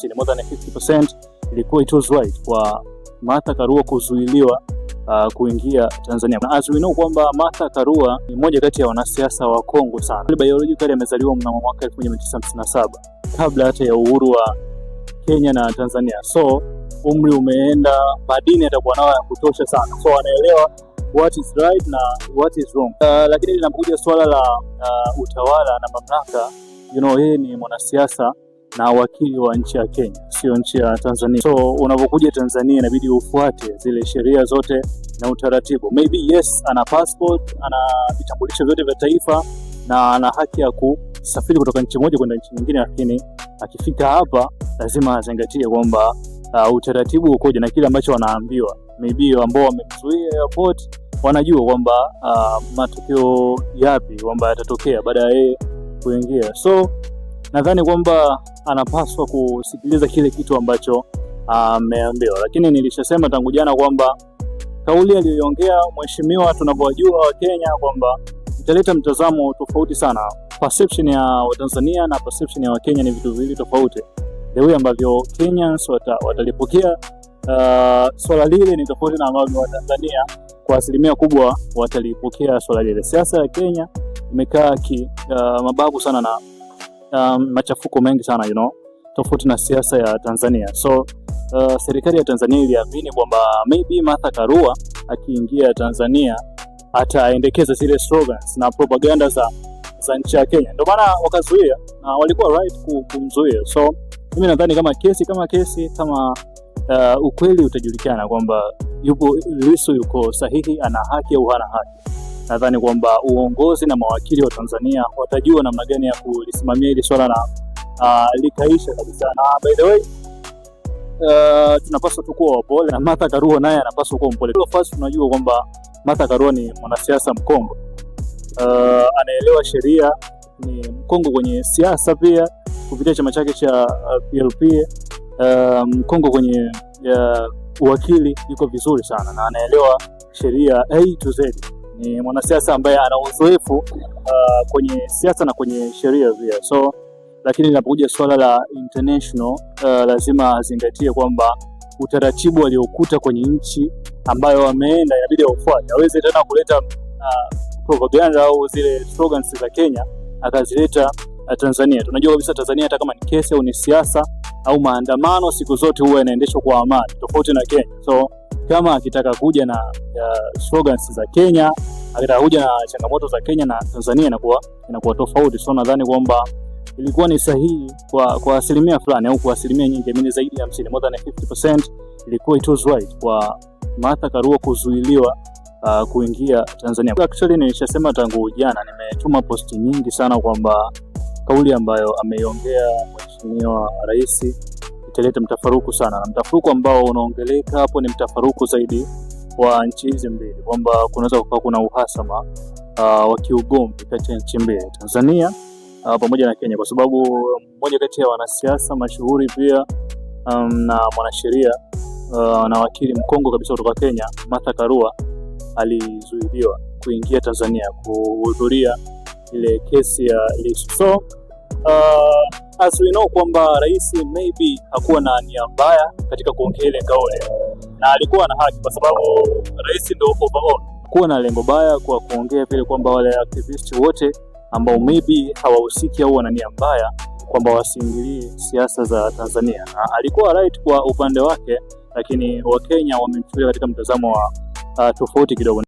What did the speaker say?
50, more than 50% ilikuwa it was right kwa Martha Karua kuzuiliwa uh, kuingia Tanzania. Na as we know kwamba Martha Karua ni mmoja kati ya wanasiasa wa Kongo sana. Biologically amezaliwa mnamo mwaka 1957 kabla hata ya uhuru wa Kenya na Tanzania. So umri umeenda, madini atakuwa nao ya kutosha sana. So anaelewa what is right na what is wrong. Uh, lakini linakuja swala la uh, utawala na mamlaka, you know, yeye ni mwanasiasa na wakili wa nchi ya Kenya, sio nchi ya Tanzania. So unapokuja Tanzania inabidi ufuate zile sheria zote na utaratibu. Maybe yes, ana passport, ana vitambulisho vyote vya taifa na ana haki ya kusafiri kutoka nchi moja kwenda nchi nyingine, lakini akifika hapa lazima azingatie kwamba uh, utaratibu ukoje na kile ambacho wanaambiwa. Maybe ambao wamemzuia airport wanajua kwamba uh, matukio yapi kwamba yatatokea baada ya yeye kuingia. So nadhani kwamba anapaswa kusikiliza kile kitu ambacho ameambiwa. lakini nilishasema tangu jana kwamba kauli aliyoiongea mheshimiwa, tunavyowajua Wakenya kwamba italeta mtazamo tofauti sana. Perception ya Watanzania na perception ya Wakenya ni vitu viwili tofauti. The way ambavyo Kenyans watalipokea uh, swala lile ni tofauti na ambavyo Watanzania kwa asilimia kubwa watalipokea swala lile. Siasa ya Kenya imekaa ki uh, mababu sana na um, machafuko mengi sana you know, tofauti na siasa ya Tanzania. So uh, serikali ya Tanzania iliamini kwamba maybe Martha Karua akiingia Tanzania ataendekeza zile slogans na propaganda za, za nchi ya Kenya, ndio maana wakazuia na walikuwa right kumzuia. So mimi nadhani kama kesi kama kesi kama uh, ukweli utajulikana kwamba yupo Lissu yuko sahihi, ana haki au hana haki nadhani kwamba uongozi na mawakili wa Tanzania watajua namna gani ya kulisimamia hili swala na uh, likaisha kabisa. Na by the way uh, tunapaswa tu kuwa wapole na Martha Karua naye anapaswa kuwa mpole. First, tunajua kwamba Martha Karua ni mwanasiasa mkongwe uh, anaelewa sheria, ni mkongwe kwenye siasa pia kupitia chama chake cha PLP uh, mkongwe kwenye uh, uwakili yuko vizuri sana na anaelewa sheria A to Z ni mwanasiasa ambaye ana uzoefu uh, kwenye siasa na kwenye sheria pia. So lakini linapokuja swala la international uh, lazima azingatie kwamba utaratibu aliokuta kwenye nchi ambayo ameenda inabidi aufuate, aweze tena kuleta uh, propaganda au zile slogans za Kenya akazileta uh, Tanzania. Tunajua kabisa Tanzania hata kama ni kesi au ni siasa au maandamano, siku zote huwa yanaendeshwa kwa amani, tofauti na Kenya so kama akitaka kuja na slogans za Kenya, akitaka kuja na changamoto za Kenya na Tanzania inakuwa inakuwa tofauti. So nadhani kwamba ilikuwa ni sahihi kwa kwa asilimia fulani au kwa asilimia nyingi, mimi zaidi ya 50, more than 50% ilikuwa it was right kwa Martha Karua kuzuiliwa uh, kuingia Tanzania. Actually nimeshasema tangu jana, nimetuma posti nyingi sana kwamba kauli ambayo ameiongea mheshimiwa rais italeta mtafaruku sana, na mtafaruku ambao unaongeleka hapo ni mtafaruku zaidi wa nchi hizi mbili, kwamba kunaweza kukaa kuna uhasama uh, wa kiugomvi kati ya nchi mbili Tanzania uh, pamoja na Kenya, kwa sababu mmoja kati ya wanasiasa mashuhuri pia um, na mwanasheria uh, na wakili mkongwe kabisa kutoka Kenya Martha Karua alizuiliwa kuingia Tanzania kuhudhuria ile kesi ya Lissu. So, uh, as ah, we know kwamba rais maybe hakuwa na nia mbaya katika kuongea ile kauli, na alikuwa na haki kwa sababu rais ndio overall kuwa na lengo baya kwa kuongea vile kwamba wale activist wote ambao maybe hawahusiki au wana nia mbaya kwamba wasiingilie siasa za Tanzania, na alikuwa right kwa upande wake, lakini Wakenya wamemchukulia katika mtazamo wa uh, tofauti kidogo.